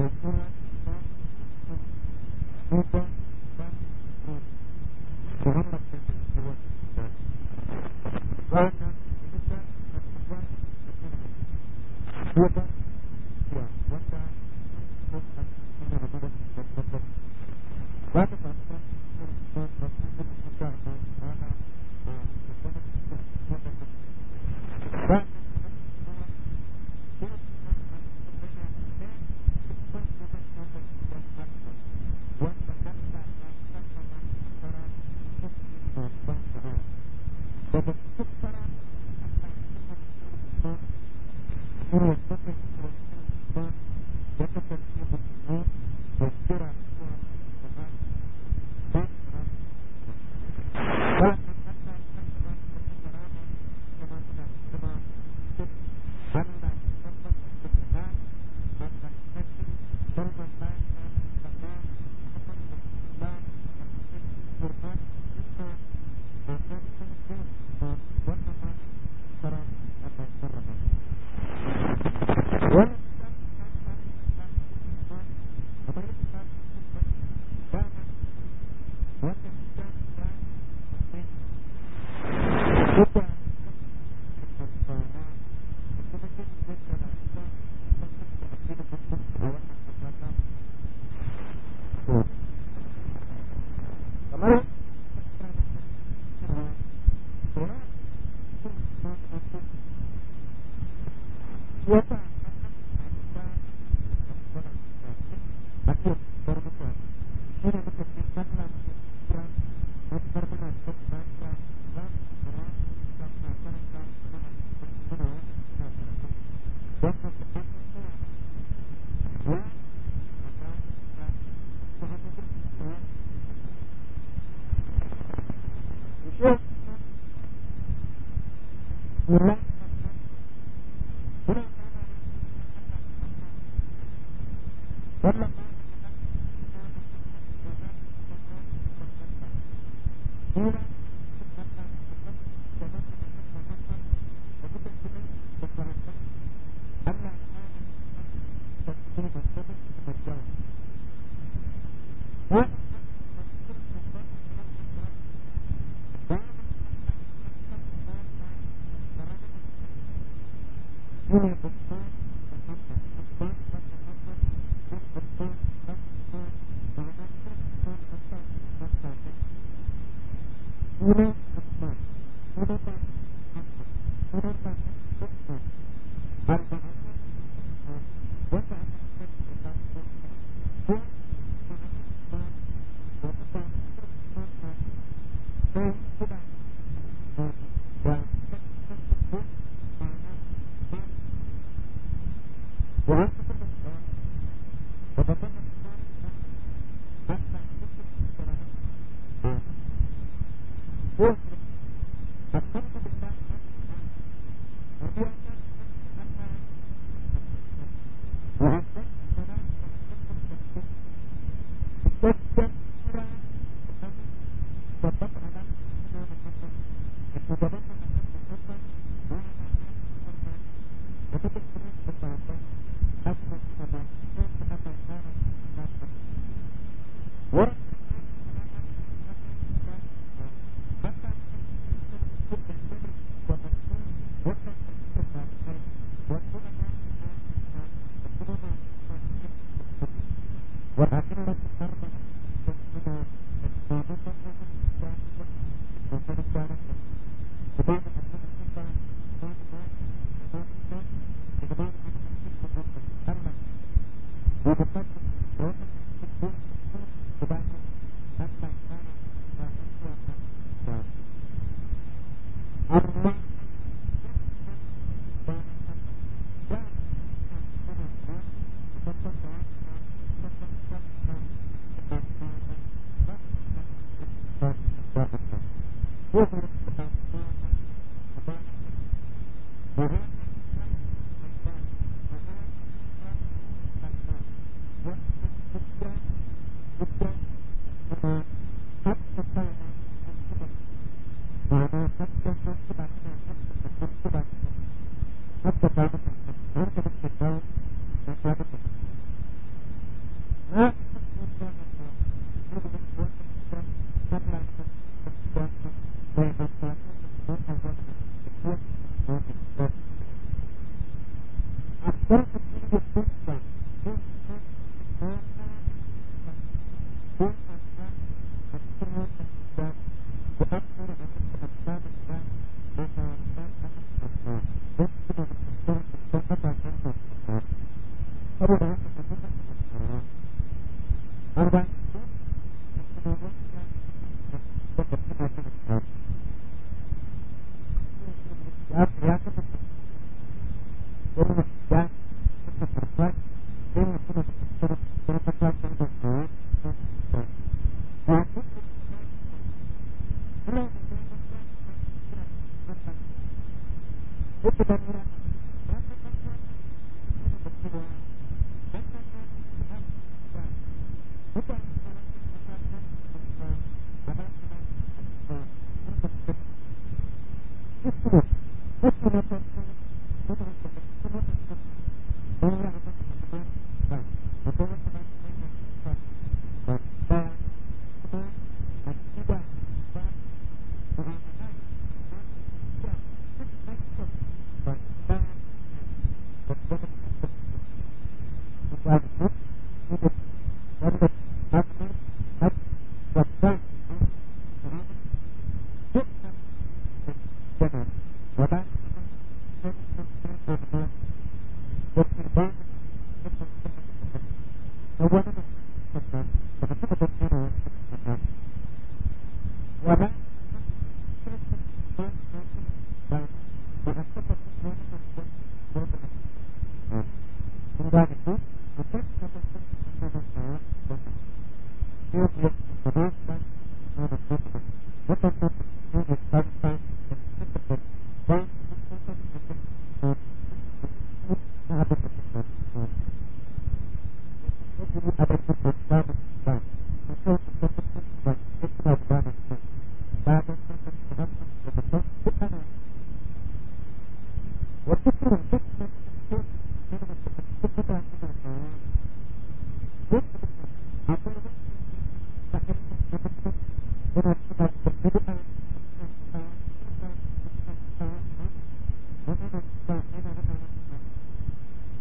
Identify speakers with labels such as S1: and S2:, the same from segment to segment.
S1: Mm-hmm.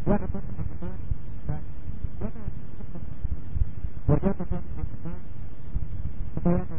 S1: Thank you.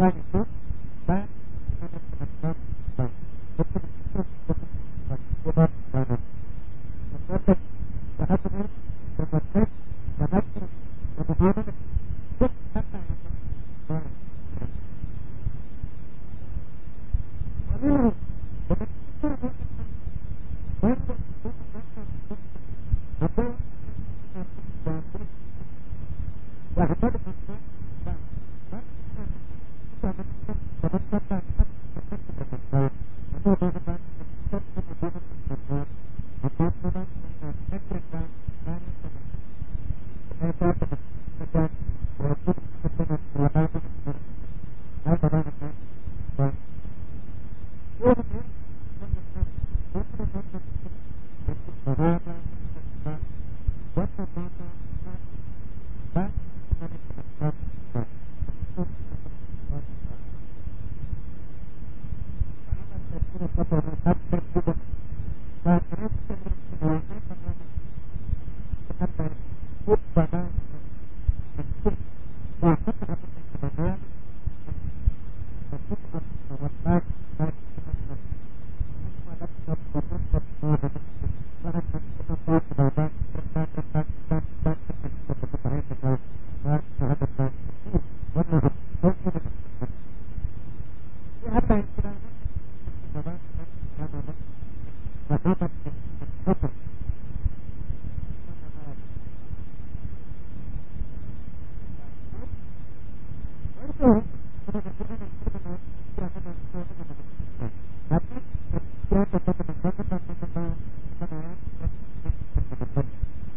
S1: Gracias.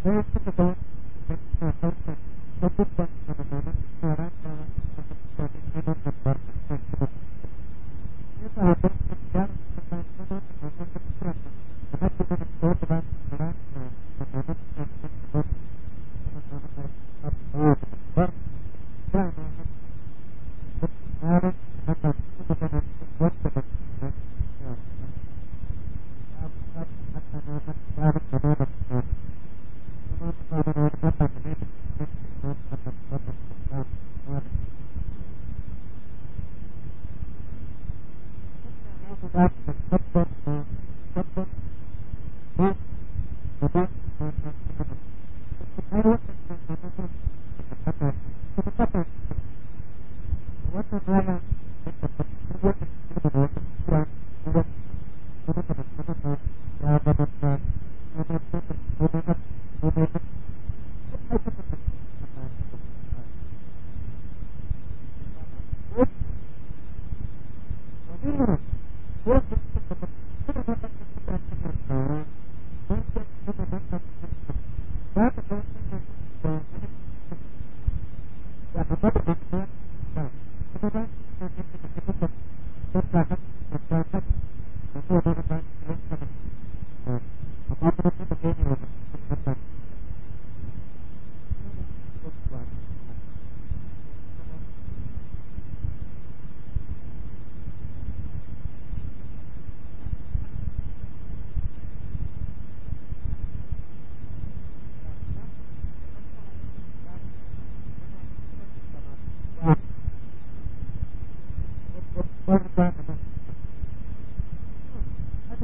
S1: very difficult.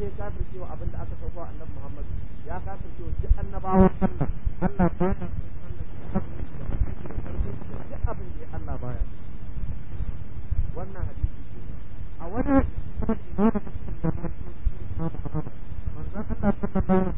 S2: wanda ya kafir cewa abin da aka sauko annabi Muhammad ya kafir cewa duk annabawa
S1: Allah Allah ba ya duk abin da Allah baya
S2: wannan hadisi ce a
S1: wani manzon Allah sallallahu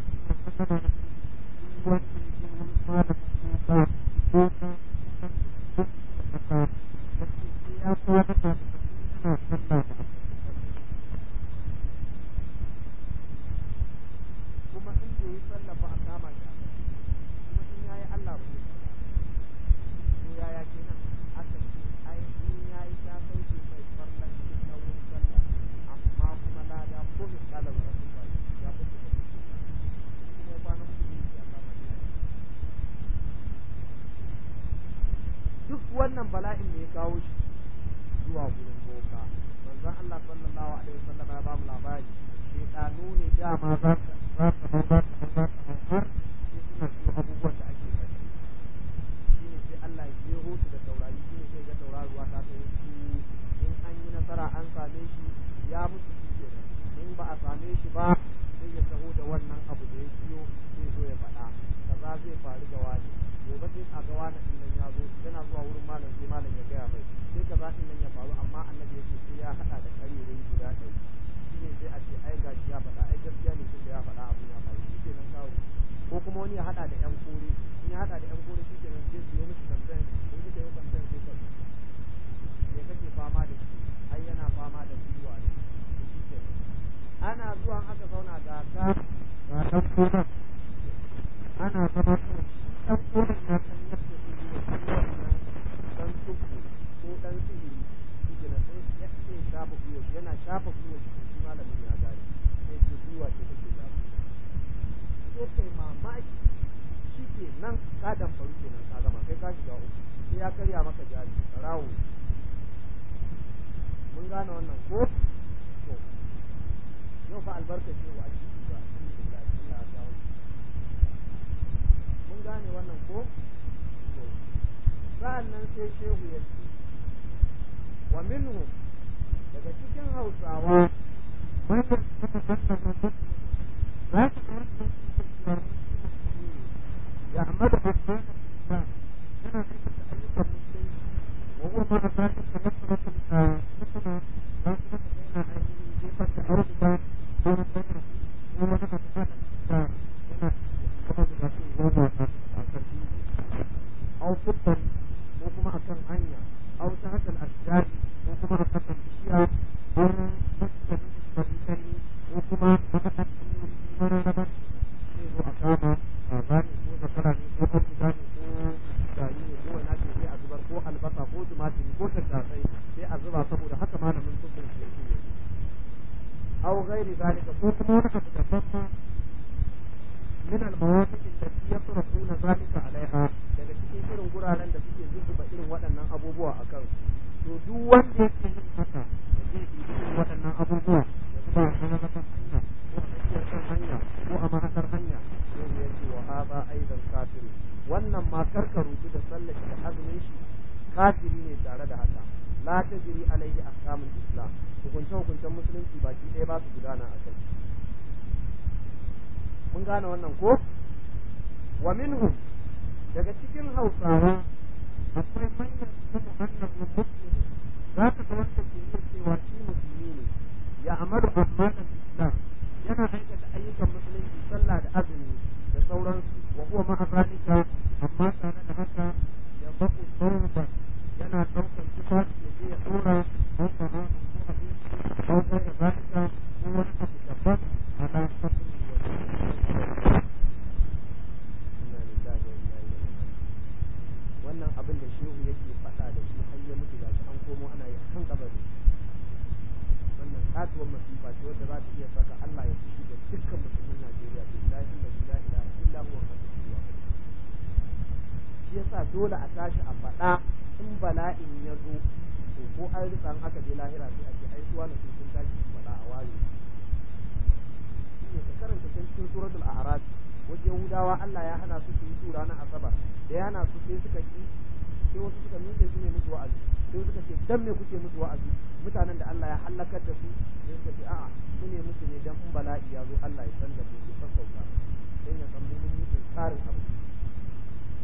S2: آپ پتری wa minhu daga cikin hausawa
S1: akwai manyan suka annabu muslim za ka ga wanda ke yin cewa shi
S2: musulmi ne ya amaru amalan islam yana aikata ayyukan musulunci sallah da azumi da sauransu wa huwa ma'a zalika
S1: amma tare da haka ya baku sauban yana ɗaukar tufafi ya je ya ɗora don sana'a ko abinci ko zai da zalika ko wani abu daban a ɗan
S2: dole a tashi a faɗa in bala'in ya zo to ko an rika aka je lahira sai a ce ai suwa na sun tashi su faɗa a ware ne ka karanta can cikin suratul a'raf wasu yahudawa Allah ya hana su su yi tura na asabar da ya hana su sai suka yi sai wasu suka nuna su ne musu wa'azi sai suka ce dan me kuke musu wa'azi mutanen da Allah ya halakar da su sai suka ce a'a su ne musu ne dan in bala'i ya zo Allah ya san da su sassauta dan ya san mun musu tsarin abu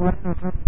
S2: wannan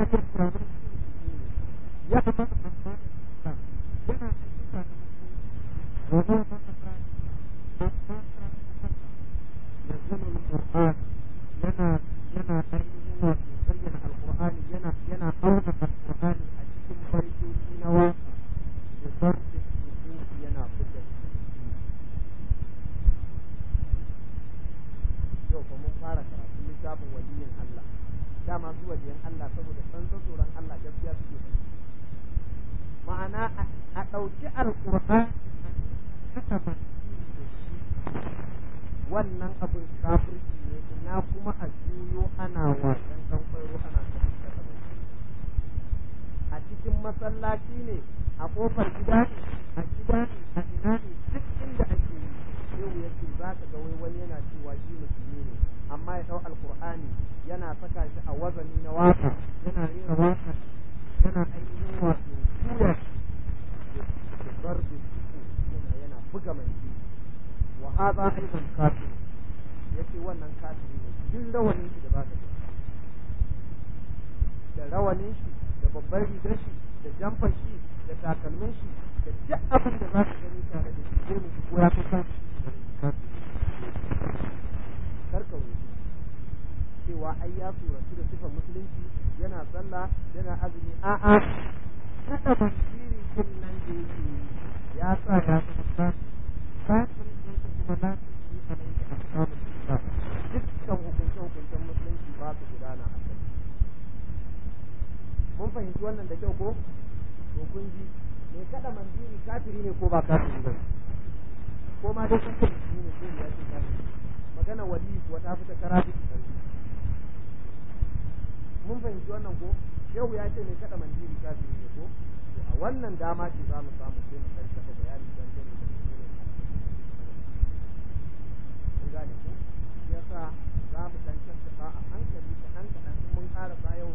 S2: have to Kun fahimci wannan da kyau ko to kun ji mai kada mandiri kafiri ne ko ba kafiri ba ko ma dai kafiri ne ko ya ce kafiri magana wali kuwa ta fita karatu mun fahimci wannan ko shehu ya ce mai kada mandiri kafiri ne ko to a wannan dama ce za mu samu sai mu karkata bayani dan gane da mun gane ko yasa za mu dan tattaka a hankali kaɗan hankali mun ƙara bayan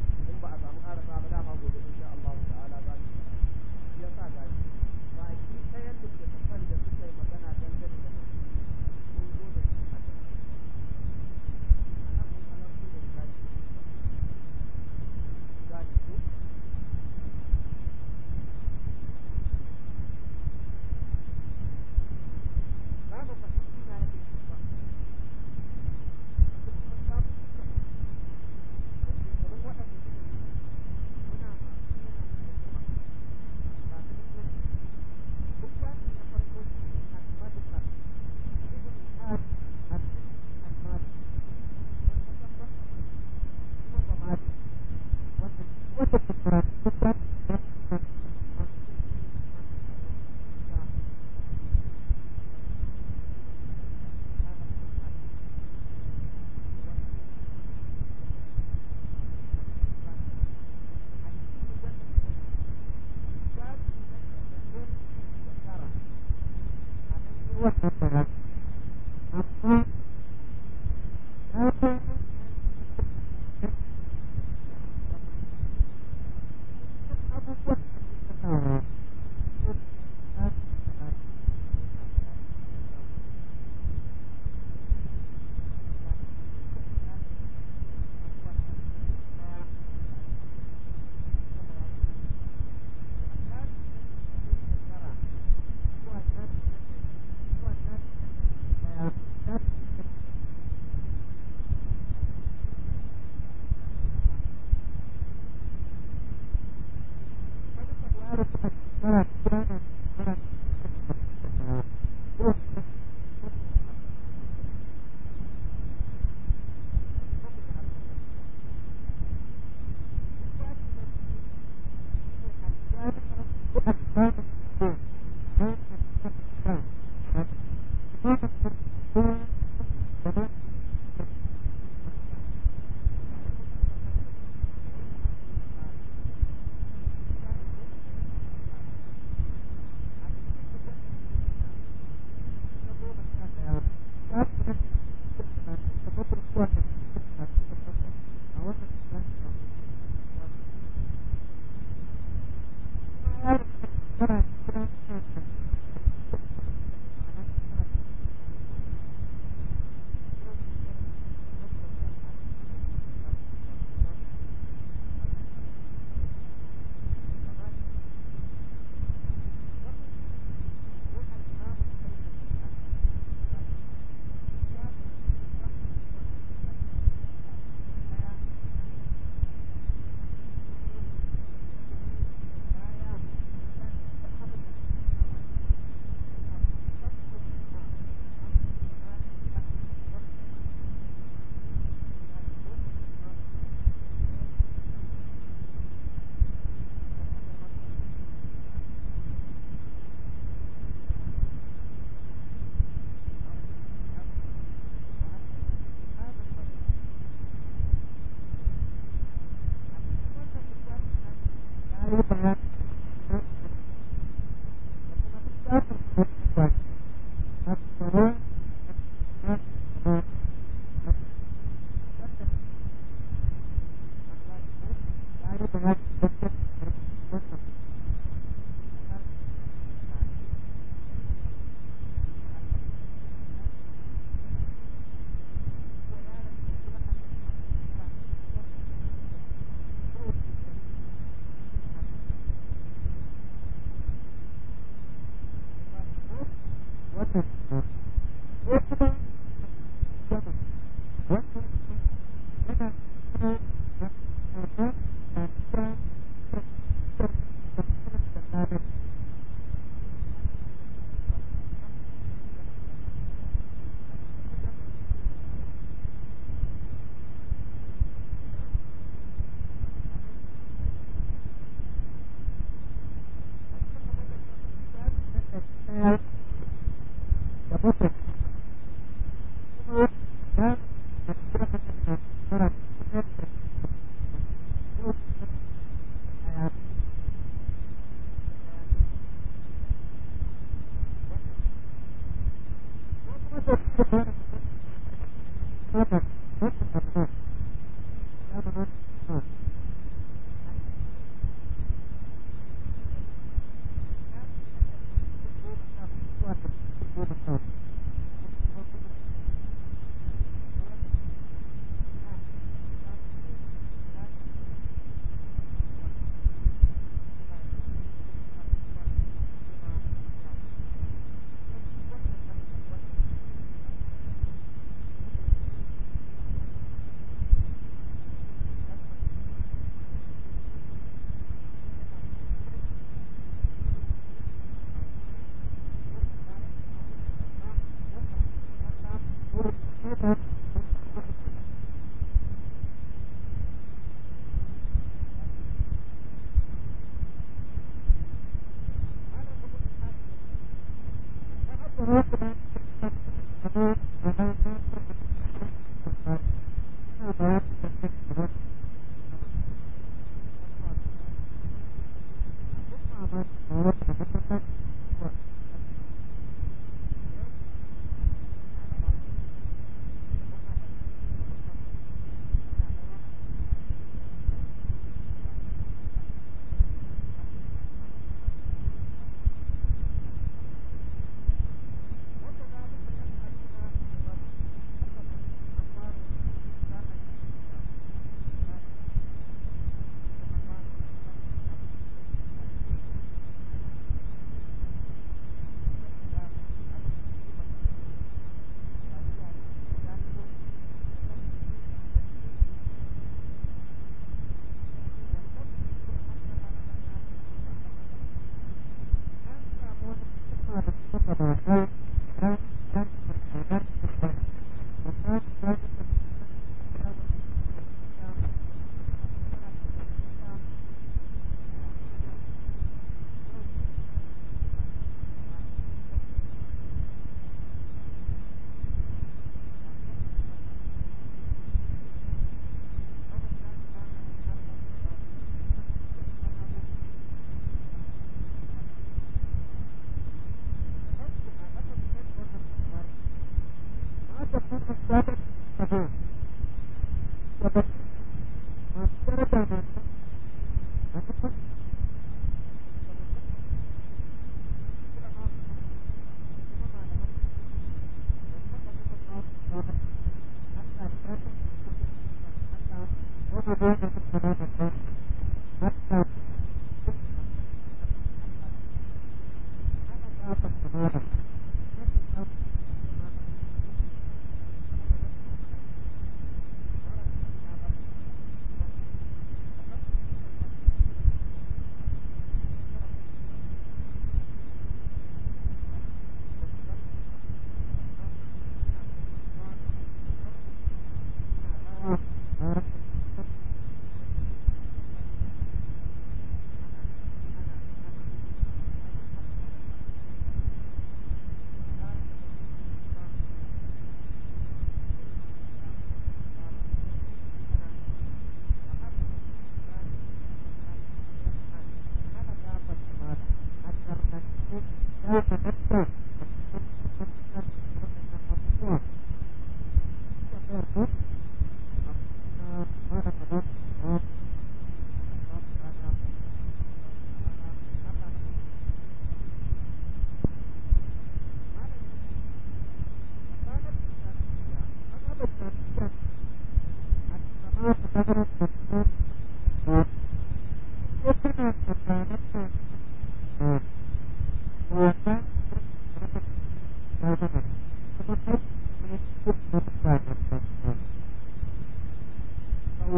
S1: about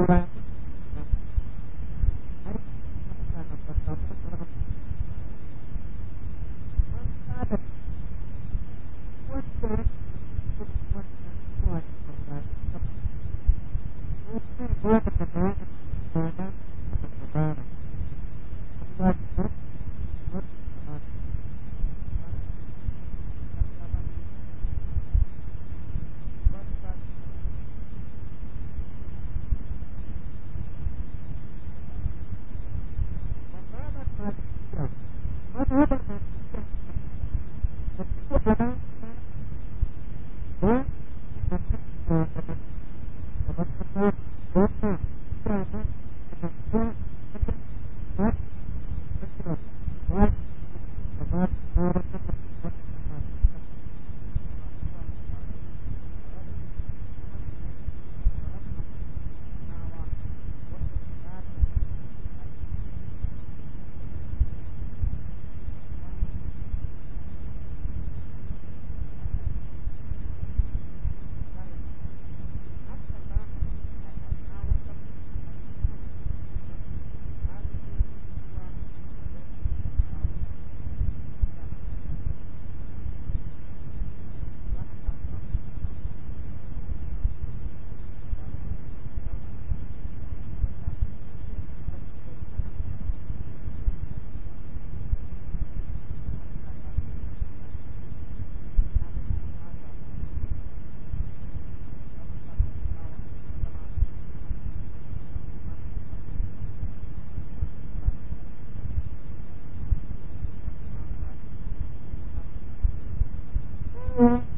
S1: Thank you. Mm-hmm.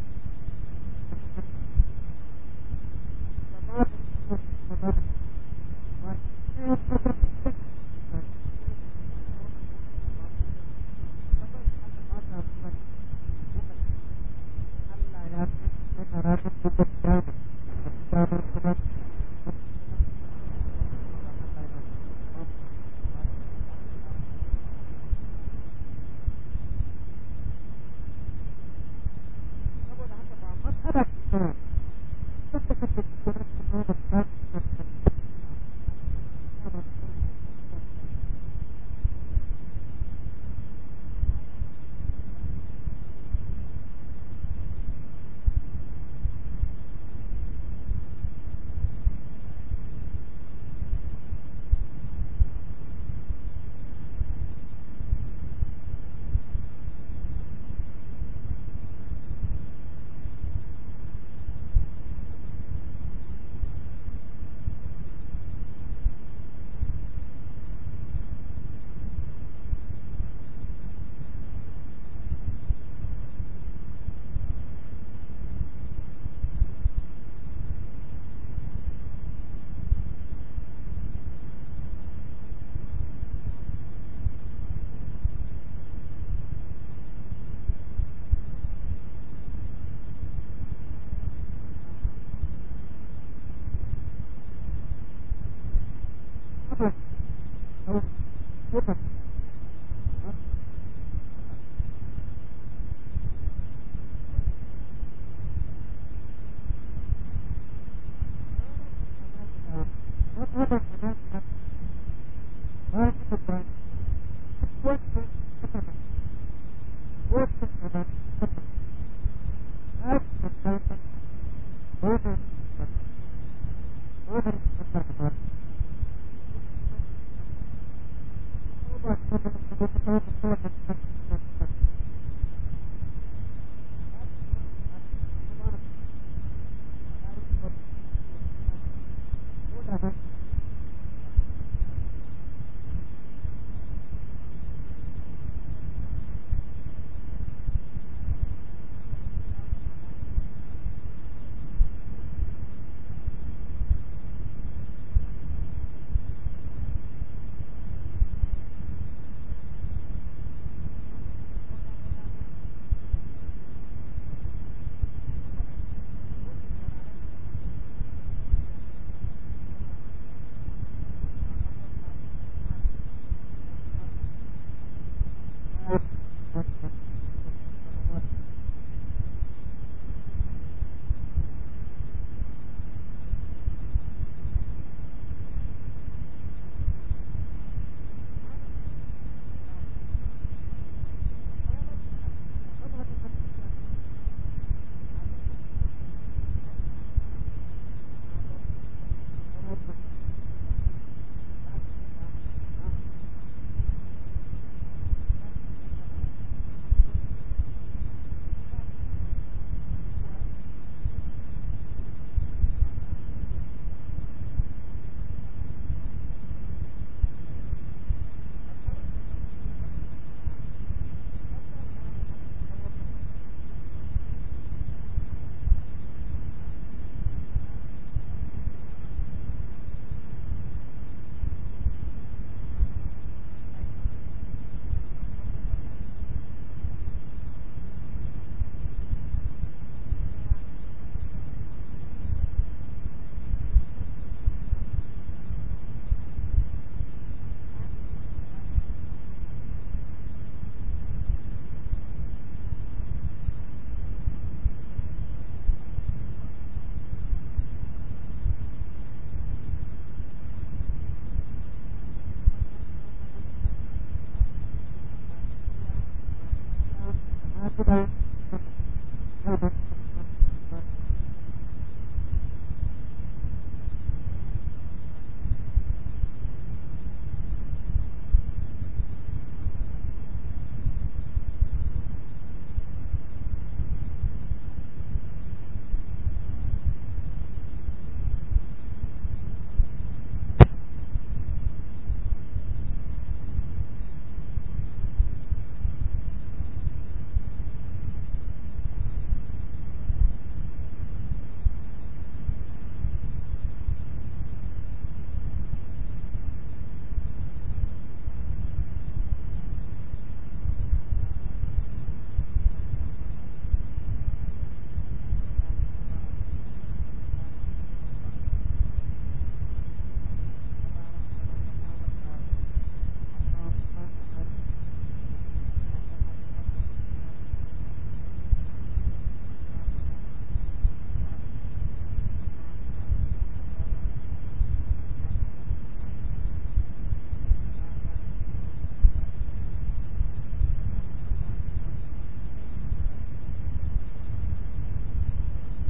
S1: What?